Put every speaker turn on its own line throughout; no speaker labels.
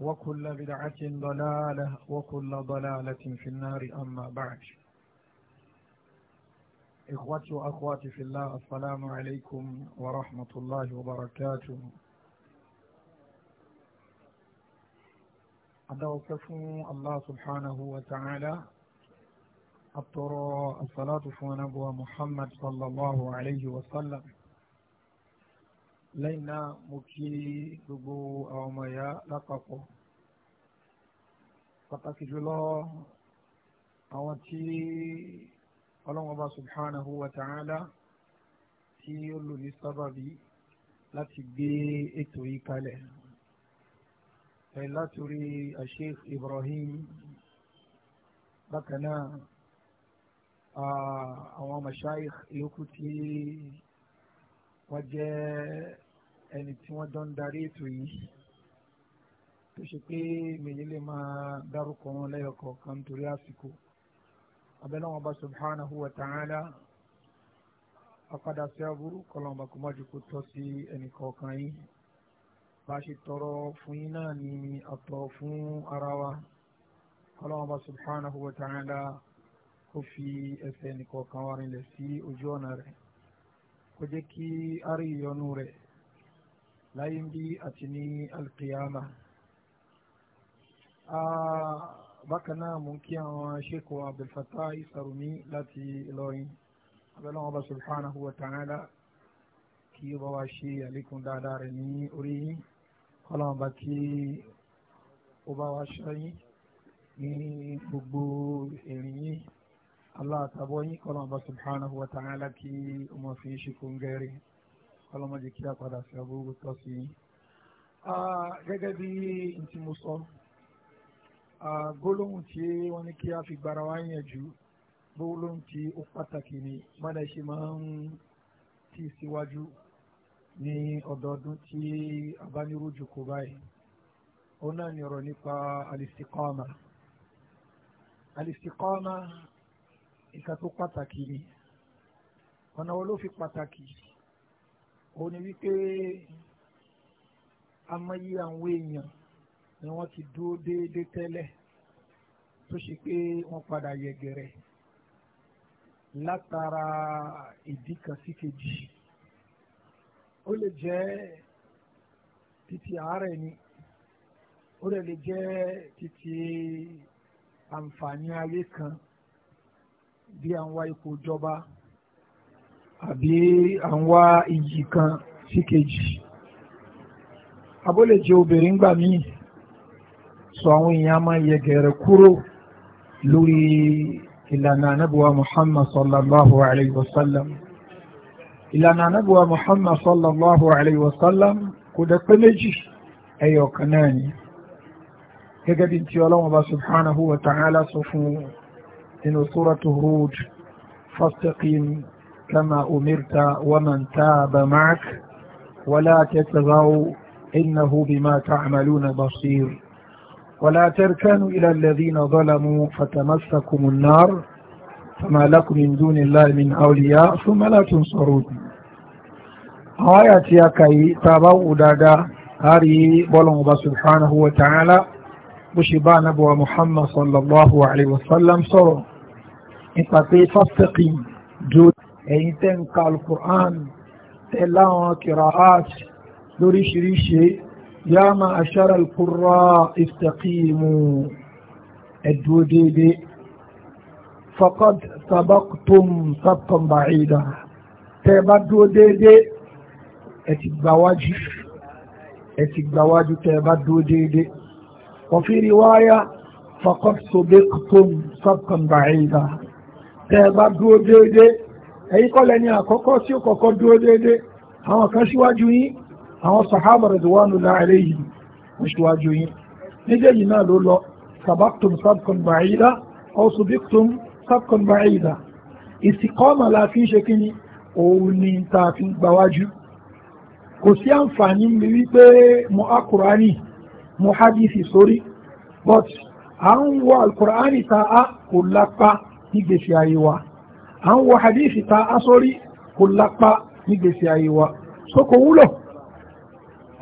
وكل بدعة ضلالة وكل ضلالة في النار أما بعد إخوتي وأخواتي في الله السلام عليكم ورحمة الله وبركاته أدوكفوا الله سبحانه وتعالى أطرى الصلاة فنبوى محمد صلى الله عليه وسلم لينا مكي دبو أو ميا لقفه pàtàkì jùlọ àwọn tí ọlọ́run ọba subhanahu wa ta'ala tí ó lò ní sábàbí láti gbé ètò yìí kalẹ̀ ẹ̀ látòrí Sheikh Ibrahim bákan náà àwọn mashayikh yòókù tí wọ́n jẹ́ ẹni tí wọ́n dán darí ètò yìí tó ṣe pé mèyí lè máa dárúkọ wọn lẹ́yọkọ̀ọ̀kan nítorí àsìkò abẹ́láwọn ọba subhanahu wa ta'ala ọ̀padà sí aburú kọlọ́mọba kò má jòkó tọ́ sí ẹnìkọ̀ọ̀kan yín bá a ṣe tọrọ fún yín náà ni ọ̀tọ̀ fún ara wa kọlọ́mọba subhanahu wa ta'ala kó fi ẹsẹ̀ ẹnìkọ̀ọ̀kan wa rinlẹ̀ sí ojú ọ̀nà rẹ̀ kó jẹ́ kí a ìyọnu rẹ̀ láyé ń bí àti ní alqiyama bákan náà mò ń kí àwọn sheikh wa abdulfatah isarumi láti ìlọrin abẹ́lẹ́ wọn bá subhanahu wa ta'ala kí ó bá wá ṣe àlékún dáadáa rẹ̀ ní orí yín kọ́lọ́n bá kí ó bá wá ṣọ́ yín ní gbogbo ìrìn yín aláàtàbọ̀ yín kọ́lọ́n bá subhanahu wa ta'ala kí ó mọ̀ fi ṣe ń gẹ́rẹ́ kọ́lọ́n má jẹ́ kí a sí abúrú tó yín. gẹ́gẹ́ bí n mo sọ gbólóhùn tí wọ́n ní kí a fi gbara wá yànjú gbólóhùn tí ó pàtàkì ni mọ́dà ṣe máa ń tì síwájú ní ọdọọdún tí a bá nírú jòkó báyìí òun náà ni ọ̀rọ̀ nípa alistikọ́ọ̀mà alistikọ́ọ̀mà nǹkan tó pàtàkì ni ọ̀nà wo ló fi pàtàkì òun ni wípé amáyé àwọn èèyàn ni wọ́n ti dúró déédé tẹ́lẹ̀ tó ṣe pé wọ́n padà yẹgẹrẹ látara ìdí kan sí kejì ó lè jẹ́ títí àárẹ̀ ni ó lè jẹ́ títí àǹfààní ayé kan bí à ń wá ipò ìjọba àbí à ń wá iyì kan sí kejì abó lè jẹ́ obìnrin gbà míì sọ àwọn èèyàn máa yẹ gẹ̀rẹ̀ kúrò lórí ìlànà anábùwà muhammad sallallahu alayhi wa sallam ìlànà anábùwà muhammad sallallahu alayhi wa sallam kò dẹ̀ pé méjì ẹyọ kan náà ni gẹ́gẹ́ bí tí ọlọ́wọ́n bá subhanahu wa ta'ala sọ fún inú suratu hud fastaqim kama umirta wa man taaba ma'ak wala tatagaw innahu bima ta'maluna basir ولا تركنوا إلى الذين ظلموا فتمسكم النار فما لكم من دون الله من أولياء ثم لا تنصرون آياتي أكاي تابو دادا هاري بولنبا سبحانه وتعالى بشبا نبوة محمد صلى الله عليه وسلم صلى إنتقي فاستقيم جود إن تنقى القرآن تلاوة قراءات لوري شريشي يا معشر القراء استقيموا ادوا ديدي فقد سبقتم سبقا بعيدا تبدوا ديدي اتبواجي اتبواجي تبدوا ديدي وفي رواية فقد سبقتم سبقا بعيدا تبدوا ديدي اي قال اني اكوكو سيو كوكو دو ديدي هاو كاشي واجوين àwọn sàhábà ridwanullahi alayhim oṣùwájú yìí méjèèjì náà ló lọ sabaqtum sabqan ba'ida aw subiqtum sabqan ba'ida istiqama la fi ṣe kíni òun ni ta fi gbáwájú kò sí àǹfààní mi wípé mo akùránì mo hadithi sórí but à ń wọ alkùránì ta á kò lápá nígbèsè ayé wa à ń wọ hadithi ta á sórí kò lápá nígbèsè ayé wa so kò wúlò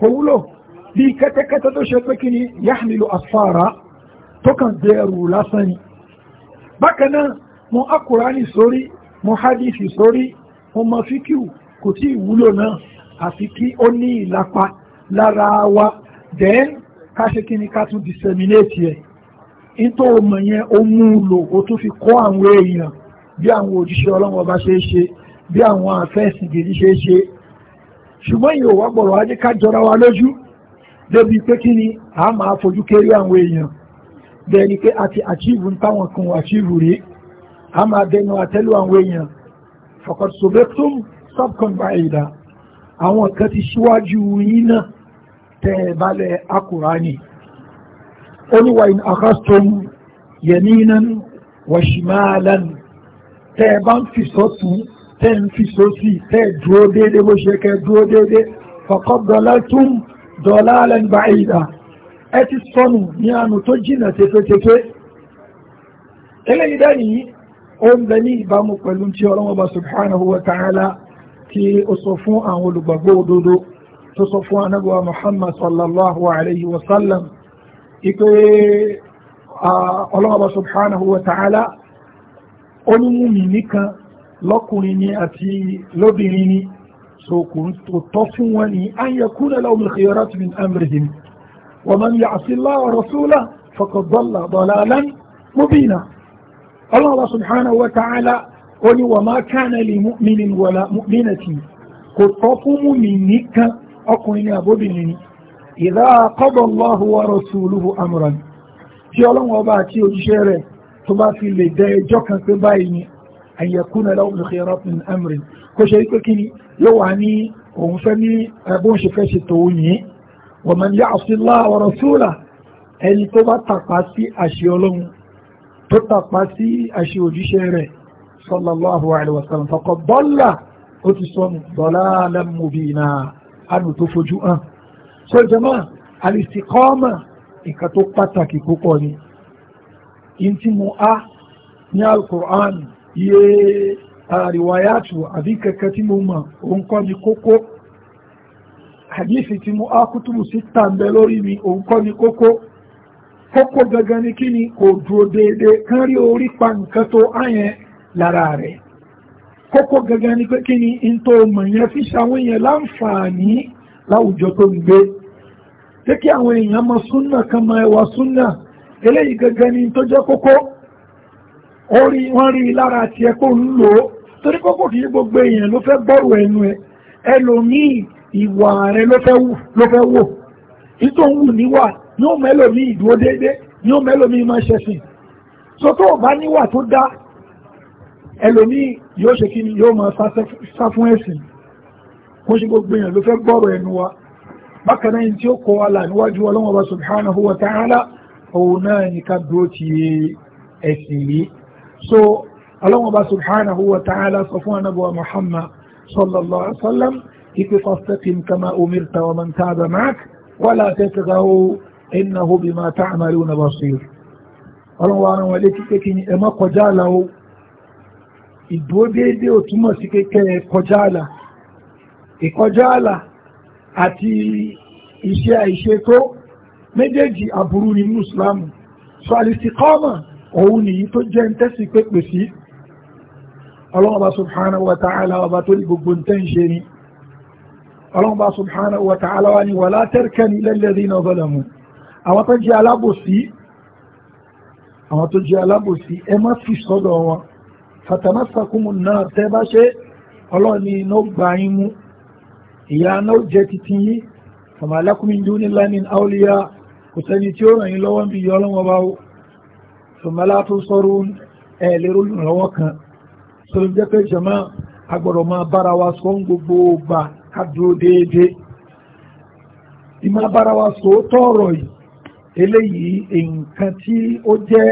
kò wúlò bí kẹ́tẹ́kẹ́tẹ́ tó ṣe pé kí ni yahmilu asfara tó kàn gbé ẹrù lásán ni bákan náà mo akurani sórí mo hadithi sórí mo mọ fíkìú kò tí ì wúlò náà àfi kí ó ní ìlapa lára wa then ká ṣe kí ni ká tún disseminate yẹn ìtò ọmọ yẹn ó mú un lò ó tún fi kọ́ àwọn èèyàn bí àwọn òjíṣẹ́ ọlọ́wọ́ bá ṣe é ṣe bí àwọn àfẹ́sìn gidi ṣe é ṣe ṣùgbọ́n yìí ò wá gbọ̀rọ̀ ajé ká jọra wa lójú débi pé kí ni a máa fojú kéré àwọn èèyàn bẹ́ẹ̀ ni pé a ti àchíìvù ń táwọn kan àchíìvù rí a máa dẹnu àtẹ́lù àwọn èèyàn faqad sabaqtum sabqan ba'ida àwọn kan ti ṣíwájú yín náà tẹ́ ẹ balẹ̀ akùránì ó ní wa in akhastum yaminan wa shimalan tẹ́ ẹ bá ń fi sọ́tún tẹ́ ń fi sósì tẹ́ dúró déédé bó ṣe kẹ́ dúró déédé faqad dalaltum dalalan ba'ida ẹ ti sọnù ní àánú tó jìnà tefetefe eléyìí dání ó ń bẹ ní ìbámu pẹ̀lú tí ọlọ́mọba subhanahu wa ta'ala tí ó sọ fún àwọn olùgbàgbọ́ òdodo tó sọ fún anábọ̀wá muhammad sallallahu alayhi wa sallam ipe ọlọ́mọba subhanahu wa ta'ala ó mi nìkan lọ́kùnrin ni àti lóbìnrin ni so kò tọ́ fún wọn ni an yakuna lahumul khiyaratu min amrihim wa man ya'si Allaha wa rasulahu faqad dalla dalalan mubina Allah subhanahu wa ta'ala ó ní wa ma kana li mu'minin wala mu'minatin kò tọ́ fún mú mi nìkan ọkùnrin ni àbóbìnrin ni idha qada Allahu wa rasuluhu amran tí ọlọ́run ọba àti òjíṣẹ́ rẹ̀ tó bá fi lè dẹ ẹjọ́ kan pé báyìí ni an yakuna lahum al-khiyaratu min amri kó ṣe wípé kíni yóò wà ní òun fẹ́ ní bóun ṣe fẹ́ ṣe tòun yìí wa man ya'si Allaha wa rasulahu ẹni tó bá tàpá sí àṣẹ ọlọ́run tó tàpá sí àṣẹ òjíṣẹ́ rẹ̀ sallallahu alaihi wasallam faqad dalla ó ti sọnù dalalan mubina àánú tó fojú hàn so jama al-istiqama nǹkan tó pàtàkì púpọ̀ ni in ti mu a ní al-Qur'an iye àríwáyàtù àbí kẹ̀kẹ́ tí mo mọ̀ òun kọ́ ni kókó hadithi tí mo ákútùbù sí tàǹbẹ̀ lórí mi òun kọ́ ni kókó kókó gangan ni kí ni kò dúró déédé kán rí orí pa nǹkan tó áyẹn lára rẹ̀ kókó gangan ni pé kí ni n tó mọ̀ yẹn fi ṣàwọn èèyàn láǹfààní láwùjọ tó ń gbé pé kí àwọn èèyàn mọ súnà kan mọ ẹwà súnà eléyìí gangan ni tó jẹ́ kókó orí wọ́n rí lára àti ẹkọ́ ń lò ó torí kókò kìí gbogbo èèyàn ló fẹ́ gbọ́rù ẹnu ẹ ẹlòmíì ìwà rẹ ló fẹ́ wò ìtò ń wù níwà ní ó mẹ́lòmíì ìdúró déédé ní ó mẹ́lòmíì máa ṣẹ̀sìn so tó o bá níwà tó dá ẹlòmíì yóò ṣe kí ni yóò máa sá fún ẹ̀sìn kó ṣe gbogbo èèyàn ló fẹ́ gbọ́rù ẹnu wa bákan náà tí ó kọ wa subhanahu wa ta'ala òun náà ní ká dúró ẹ̀sìn yìí so ọlọ́wọ́n bá subhanahu wa ta'ala sọ fún anábọ̀ muhammad sallallahu alaihi wa sallam ipe fastaqim kama umirta wa man taaba ma'ak wala tatghaw innahu bima ta'maluna basir ọlọ́wọ́n wa rán wọn létí pé kí ni ẹ má kọjá àlà o ìdúró déédéé ò túmọ̀ sí kékeré kọjá àlà ìkọjá àlà àti iṣẹ́ àìṣe tó méjèèjì aburú nínú so al-istiqama òun nìyí tó jẹ́ ń tẹ́sí pépè sí ọlọ́run bá subhanahu wa ta'ala ọba tó ní gbogbo tẹ́ ń ṣe ni ọlọ́run bá subhanahu wa ta'ala wa ni wala tarkanu ila alladhina zalamu àwọn tó jẹ́ alábòsí àwọn tó jẹ́ alábòsí ẹ má fi sọ́dọ̀ wọn fatamassakumu nar tẹ́ bá ṣe ní iná kò sẹ́ni tí ó ràn yín lọ́wọ́ bí yọ ọlọ́run ọba sọmọlá tó sọ̀rọ̀ ẹ̀ lérò lọ́wọ́ kan sọlọ jẹ́ pé jama agbọ́dọ̀ máa bára wa sọ ń gbogbo gbà ká dúró déédéé ìmọ̀ bára wa sọ tọ̀rọ̀ yìí eléyìí nǹkan tí ó jẹ́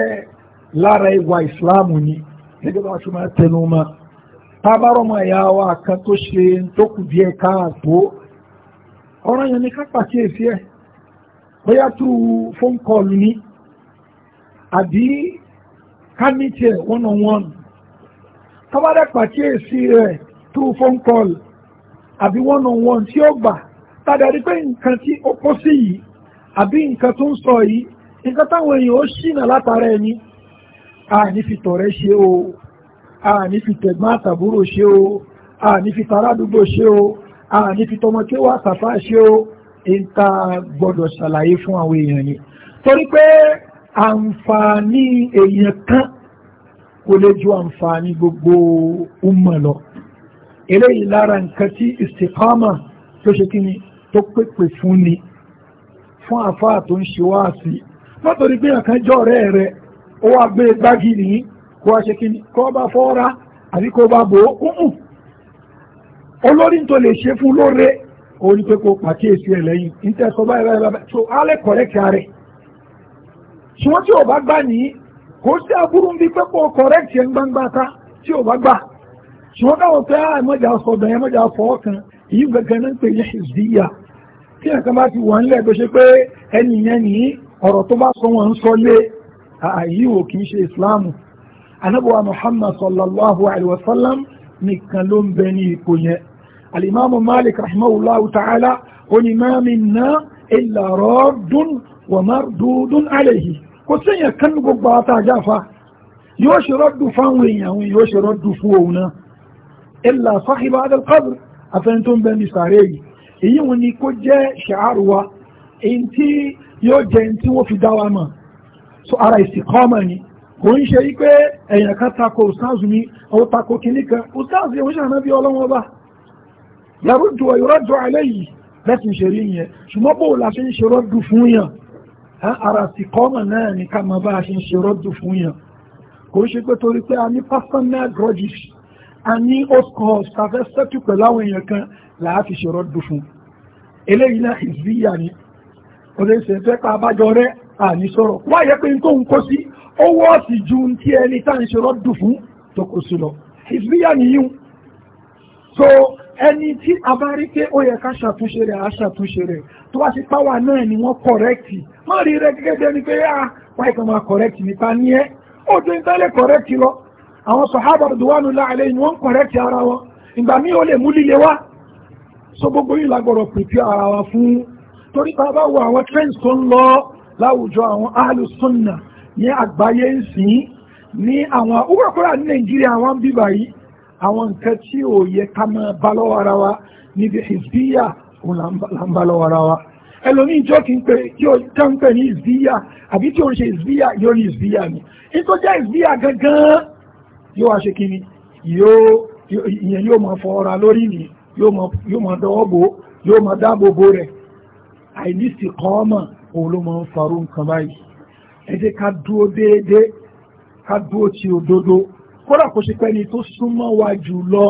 lára ìwà ìsìláàmù ni gẹ́gẹ́ bá ṣe máa tẹnu mọ́ ni àbí kánítì ẹ̀ one on one tọ́bádẹ́ pàkíyèsí rẹ̀ two phone call àbí one on one tí ó gbà tàbí pé nǹkan tí ó kó sí yìí àbí nǹkan tó ń sọ yìí nǹkan táwọn èèyàn ó ṣìnà látara ẹni àní fi tọ̀rẹ́ ṣe o àní fi tẹ̀gbọ́n àtàbúrò ṣe o àní fi tarádúgbò ṣe o àní fi tọmọkéwà àtàfà ṣe o ń gbọ́dọ̀ ṣàlàyé fún àwọn èèyàn ni torí pé àǹfààní èèyàn kan kò lè ju àǹfààní gbogbo umma lọ eléyìí lára nǹkan tí istiqama tó ṣe kí ni tó pèpè fún ni fún àfáà tó ń ṣe wáàsí látòrí pé àkàn jọ ọ̀rẹ́ rẹ̀ ó wá gbé gbági nìyí kó wá ṣe kí kó bá fọ́ra àbí kó bá bò ó kúnkùn olórí tó lè ṣe fún lóore òun ni pé kó pàkíyèsí ẹ̀ lẹ́yìn ní báyìí báyìí báyìí so alẹ́ kọ̀rẹ́kì rẹ̀ ṣùgbọ́n tí ò bá gbà ní kò sí aburú ń bí pẹ́pọ̀ kọ̀rẹ́kì ẹ̀ ń gbangba ta tí ò bá gbà ṣùgbọ́n káwọn fẹ́ ah, àìmọ́jà sọ̀dọ̀ ẹ̀mọ́jà fọwọ́ kan èyí gẹ́gẹ́ náà ń pè ní hizbiya tí ẹ̀kan bá ti wà ńlẹ̀ tó ṣe pé ẹni yẹn ní ọ̀rọ̀ tó bá sọ wọn ń sọ lé àyí ò kìí ṣe islam anábọ̀wá muhammad sallallahu alaihi wa sallam nìkan ló ń bẹ ní ipò yẹn alimami malik rahimahullahu ta'ala onímọ̀ mi ná illa raddun wa mardudun alayhi kò tí èèyàn kánú gbogbo àtà àjáfa yóò ṣe rọ́dù fáwọn èèyàn àwọn yóò ṣe rọ́dù fún òun náà illa sahiba adal qabr afẹ́ni tó ń bẹ ní sàárè yìí èyí wọn ni kó jẹ́ ṣàárù wa èyí tí yóò jẹ́ ní tí wọ́n fi dá wa mọ̀ so ara istiqama ni kò ń ṣe wípé èèyàn kan tako ustazu mi àwọn tako kìíní kan ustazu yẹn wọ́n ṣàná bí ọlọ́wọ́n bá yaruddu wa yuraddu alayhi bẹ́ẹ̀ sì ń ṣe rí yẹn ṣùgbọ́n bó o la ń ṣe rọ́dù fún yàn ara ti kọ́mọ̀ náà ní ká máa bá a ṣe ń ṣe rọ́dù fún yàn kò ṣe pé torí pé a ní personal grudges a ní old cause tàfẹ́ sẹ́tù pẹ̀lú àwọn èèyàn kan làá fi ṣe rọ́dù fún eléyìí náà ìzíyà ni òde ṣe fẹ́ pa abájọ rẹ̀ àní sọ̀rọ̀ wá yẹ pé tó ń kó sí ó wọ́ọ̀sì ju ti ẹni tá ń ṣe rọ́dù fún tó kó sí lọ ìzíyà nìyí so ẹni tí a bá rí pé ó yẹ ká ṣàtúnṣe rẹ̀ á ṣàtúnṣe rẹ̀ tó wá ṣe páwà náà ni wọ́n kọ̀rẹ́kì má rí rẹ gẹ́gẹ́ bí ẹni pé yá wọ́n ìkan máa kọ̀rẹ́kì nípa ní ẹ́ ó ju ìtẹ́lẹ̀ kọ̀rẹ́kì lọ àwọn sọ̀hábà dùwánu láàlẹ́ ni wọ́n kọ̀rẹ́kì ara wọn ìgbà míì ó lè mú líle wá so gbogbo yìí lágbọ̀rọ̀ pèpè ara wa fún torí bá bá wo àwọn trends tó ń lọ láwùjọ àwọn ahlu sunna ní àgbáyé ń sìn ní àwọn òwúrọ̀kúrà ní nàìjíríà wọn bíbà yìí àwọn nǹkan tí ò yẹ ká máa bá lọ́wọ́ ara wa níbi hizbiyya òun là ń bá lọ́wọ́ ara wa ẹlòmíì tí ó kì í pè tí ó kà ń pè ní ìzíyà àbí tí ó ń ṣe ìzíyà yóò ní ìzíyà ni nítorí jẹ́ ìzíyà gangan yóò wá ṣe kí ni ìyẹn yóò máa fọ ọra lórí mi yóò máa dọwọ́ bò yóò máa dáàbò bò rẹ̀ àìní sì kọ́ ọmọ òun ló máa ń farú nǹkan báyìí ẹ jẹ́ ká dúró déédéé ká dúró ti òdodo kódà kó ṣe pẹ́ni tó súnmọ́ wa jù lọ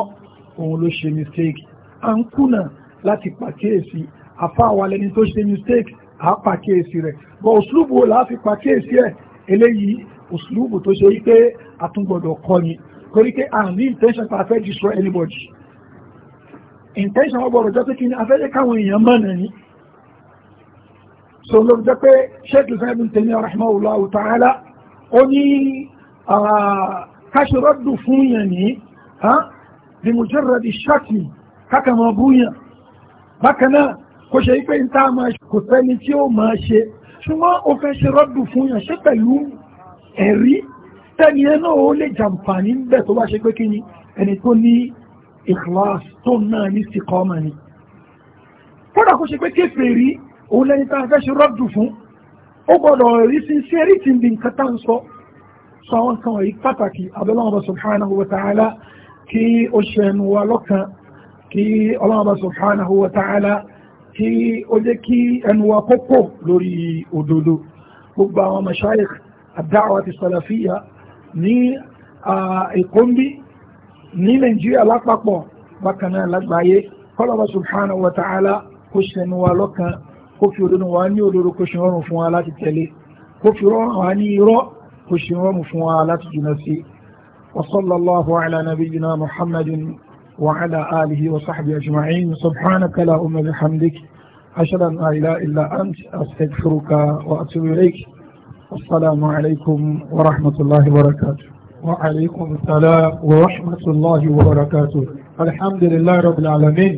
òun ló ṣe mistake à ń kùnà láti pàkíyèsí àfa àwọn alẹ́ni tó ṣe mistake à pàkíyèsí rẹ̀ bọ̀ òṣùlùbù wo làá fi pàkíyèsí ẹ̀ eléyìí òṣùlùbù tó ṣe wípé àtúngbọ̀dọ̀ kọ́ ni torí pé à ní intention pa fẹ́ destroy anybody intention wọ́n gbọ́dọ̀ jẹ́ pé kí ni afẹ́jẹ́ káwọn èèyàn mọ̀ nà ní so ló jẹ́ pé sheikh Islam ibn Taymiyyah rahimahullahu ta'ala ó ní káṣírọ́dù fún yẹn ní bí mujarrad ash-shatm kákàmọ́ búyàn bákan náà kò ṣe pé n tá máa kò sẹ́ni tí ó máa ṣe ṣùgbọ́n o fẹ́ ṣe rọ́dù fún yàn ṣé pẹ̀lú ẹ̀rí tẹ́ni ẹ náà ó lè jàǹfààní bẹ̀ tó bá ṣe pé kí ni ẹni tó ní ìkìláàsì tó náà ní sìkọ́mà ni kódà kó ṣe pé kèfèrí òun lẹ́ni tá a fẹ́ ṣe rọ́dù fún ó gbọ́dọ̀ rí sí sí ẹ̀rí tí ń di nǹkan tá ń sọ sọ àwọn kan wọ̀nyí pàtàkì abẹ́lẹ́wọ̀n subhanahu wa ta'ala kí ó ṣẹnu kí ọlọ́ọ̀bá subhanahu wa ta'ala kí ó jẹ́ kí ẹnu wa kókó lórí òdodo gbogbo àwọn mashayikh ad-da'wa ti salafiyya ní ìkóńbí ní nàìjíríà lápapọ̀ bákanáà lágbàáyé kọlọ́ọ̀bá subhanahu wa ta'ala kó ṣẹnu wa lọ́kan kó fi òdodo wa ní òdodo kó ṣe rọrùn fún wa láti tẹ̀lé kó fi rọrùn wa ní irọ́ وعلى آله وصحبه أجمعين سبحانك لا أم بحمدك أشهد أن لا إله إلا أنت أستغفرك وأتوب إليك السلام عليكم ورحمة الله وبركاته وعليكم السلام ورحمة الله وبركاته الحمد لله رب العالمين